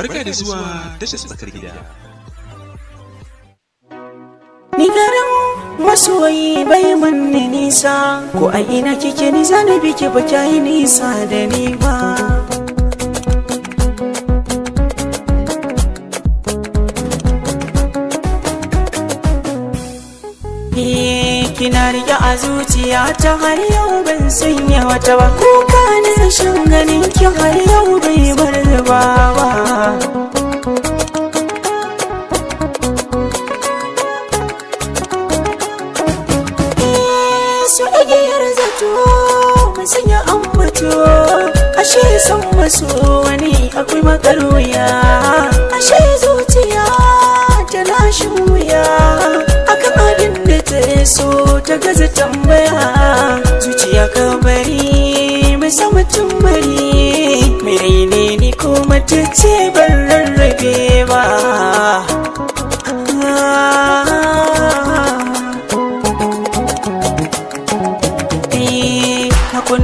Barka da zuwa tashar tsakar gida. Ni garin masoyi bai manne nisa, ko a ina kike ni na ke ba yi nisa da ni ba. Eh, kina riƙe a zuciya ta har yau ban sanya wata ba kuka ne. masu igiyar zato kan sanya ambato ashe san masu wani akwai makaruya ashe zuciya ta nashi wuya akan abin da ta so ta gaza tambaya zuciya ka bari mai samucin bari mai ne ni ko ce bar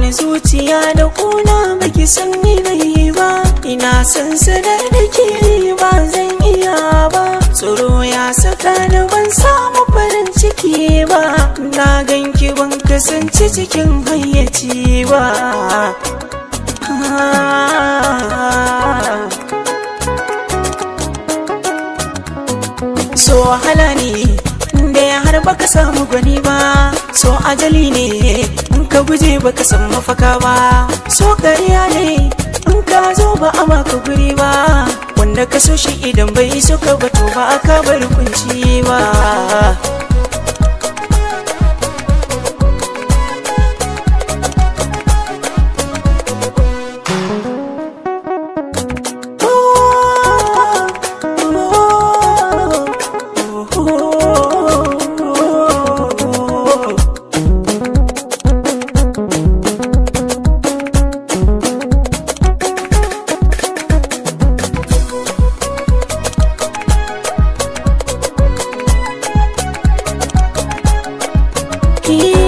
ni zuciya da kuna baki san ni nayi ba ina san sanar da ke ba zan iya ba tsoro ya saka ni ban samu farin ciki ba na ganki ban kasance cikin hayyaci ba so hala ne da har baka samu gwani ba so ajali ne guje baka san mafaka ba so kariya ne in ka zo ba a maka guri ba wanda ka so shi idan bai so ka ba to ba ka bar kunci ba की